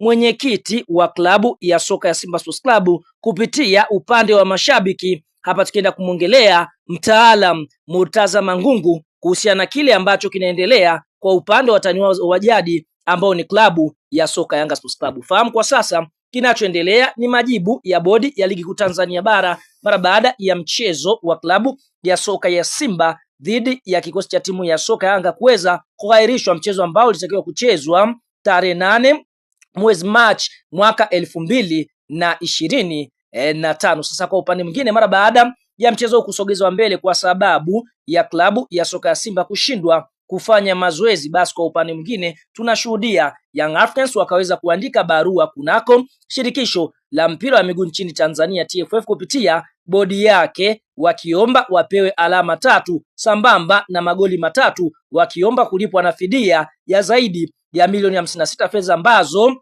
mwenyekiti wa klabu ya soka ya Simba Sports Club kupitia upande wa mashabiki. Hapa tukienda kumwongelea mtaalam Murtaza Mangungu kuhusiana na kile ambacho kinaendelea kwa upande wa watani wao wa jadi ambao ni klabu ya soka Yanga Sports Club. Fahamu kwa sasa kinachoendelea ni majibu ya bodi ya ligi kuu Tanzania bara mara baada ya mchezo wa klabu ya soka ya Simba dhidi ya kikosi cha timu ya soka Yanga kuweza kuahirishwa, mchezo ambao ulitakiwa kuchezwa tarehe nane mwezi March mwaka elfu mbili na ishirini e, na tano. Sasa kwa upande mwingine, mara baada ya mchezo huu kusogezwa mbele kwa sababu ya klabu ya soka ya Simba kushindwa kufanya mazoezi, basi kwa upande mwingine tunashuhudia Young Africans wakaweza kuandika barua kunako shirikisho la mpira wa miguu nchini Tanzania TFF kupitia bodi yake wakiomba wapewe alama tatu sambamba na magoli matatu wakiomba kulipwa na fidia ya zaidi ya milioni hamsini na sita fedha ambazo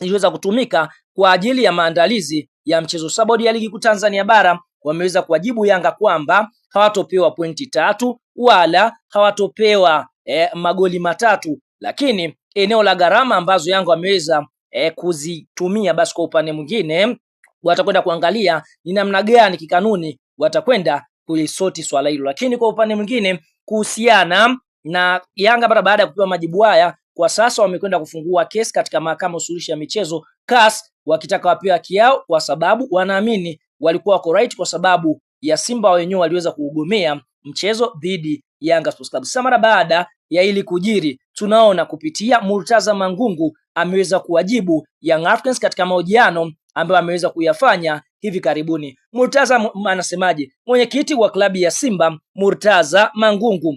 ziliweza kutumika kwa ajili ya maandalizi ya mchezo. Sasa bodi ya ligi kuu Tanzania bara wameweza kuwajibu Yanga kwamba hawatopewa pointi tatu wala hawatopewa eh, magoli matatu, lakini eneo la gharama ambazo Yanga wameweza eh, kuzitumia, basi kwa upande mwingine watakwenda kuangalia ni namna gani kikanuni watakwenda kulisoti swala hilo. Lakini kwa upande mwingine kuhusiana na Yanga mara baada ya kupewa majibu haya kwa sasa wamekwenda kufungua kesi katika mahakama usuluhishi ya michezo CAS, wakitaka wapewe haki yao, kwa sababu wanaamini walikuwa wako right, kwa sababu ya Simba wenyewe waliweza kuugomea mchezo dhidi ya Yanga Sports Club. Sasa mara baada ya ili kujiri, tunaona kupitia Murtaza Mangungu ameweza kuwajibu Young Africans katika mahojiano ambayo ameweza kuyafanya hivi karibuni. Murtaza anasemaje? Mwenyekiti wa klabu ya Simba Murtaza Mangungu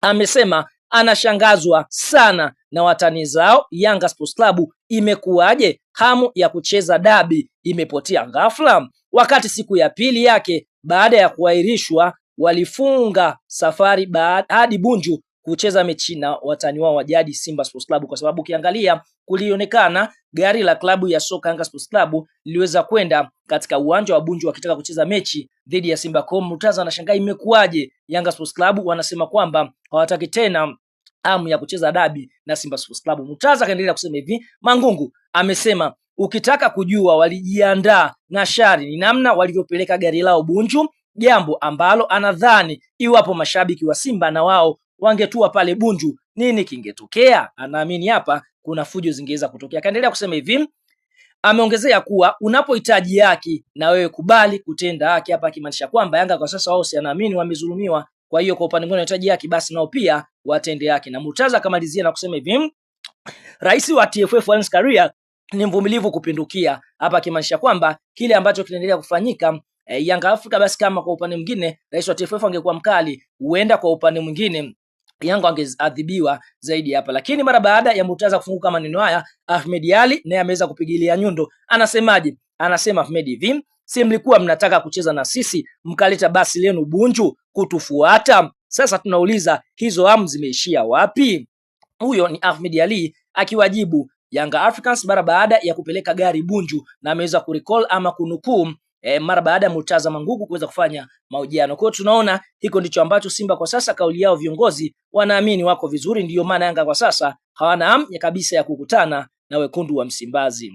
amesema anashangazwa sana na watani zao Yanga Sports Club. Imekuwaje hamu ya kucheza dabi imepotea ghafla, wakati siku ya pili yake baada ya kuahirishwa walifunga safari hadi Bunju kucheza mechi na watani wao wa jadi Simba Sports Club, kwa sababu ukiangalia kulionekana gari la klabu ya soka Yanga Sports Club liliweza kwenda katika uwanja wa Bunju wakitaka kucheza mechi dhidi ya Simba. Com. Murtaza anashangaa imekuwaje, Yanga Sports Club wanasema kwamba hawataki tena amu ya kucheza dabi na Simba Sports Club. Murtaza akaendelea kusema hivi, Mangungu amesema ukitaka kujua walijiandaa na shari ni namna walivyopeleka gari lao Bunju, jambo ambalo anadhani iwapo mashabiki wa Simba na wao wangetua pale Bunju, nini kingetokea? Anaamini hapa kuna fujo zingeweza kutokea. Akaendelea kusema hivi, ameongezea kuwa unapohitaji haki na wewe kubali kutenda haki, hapa akimaanisha kwamba Yanga kwa sasa wao si anaamini wamezulumiwa, kwa hiyo kwa upande mwingine unahitaji haki, basi nao pia watende haki. Na Murtaza akamalizia na kusema hivi, rais wa TFF Wallace Karia ni mvumilivu kupindukia, hapa akimaanisha kwamba kile ambacho kinaendelea kufanyika e, Yanga Afrika, basi kama kwa upande mwingine rais wa TFF angekuwa mkali, huenda kwa upande mwingine Yanga wangeadhibiwa zaidi hapa, lakini mara baada ya Murtaza kufunguka maneno haya, Ahmed Ali naye ameweza kupigilia nyundo. Anasemaje? Anasema Ahmed, hivi si mlikuwa mnataka kucheza na sisi mkaleta basi lenu Bunju kutufuata? Sasa tunauliza hizo amu zimeishia wapi? Huyo ni Ahmed Ali akiwajibu Yanga Africans mara baada ya kupeleka gari Bunju, na ameweza kurecall ama kunukuu e, mara baada ya Murtaza nguku kuweza kufanya mahojiano. Kwa hiyo tunaona hiko ndicho ambacho Simba kwa sasa kauli yao viongozi wanaamini wako vizuri, ndiyo maana Yanga kwa sasa hawana hamu ya kabisa ya kukutana na wekundu wa Msimbazi.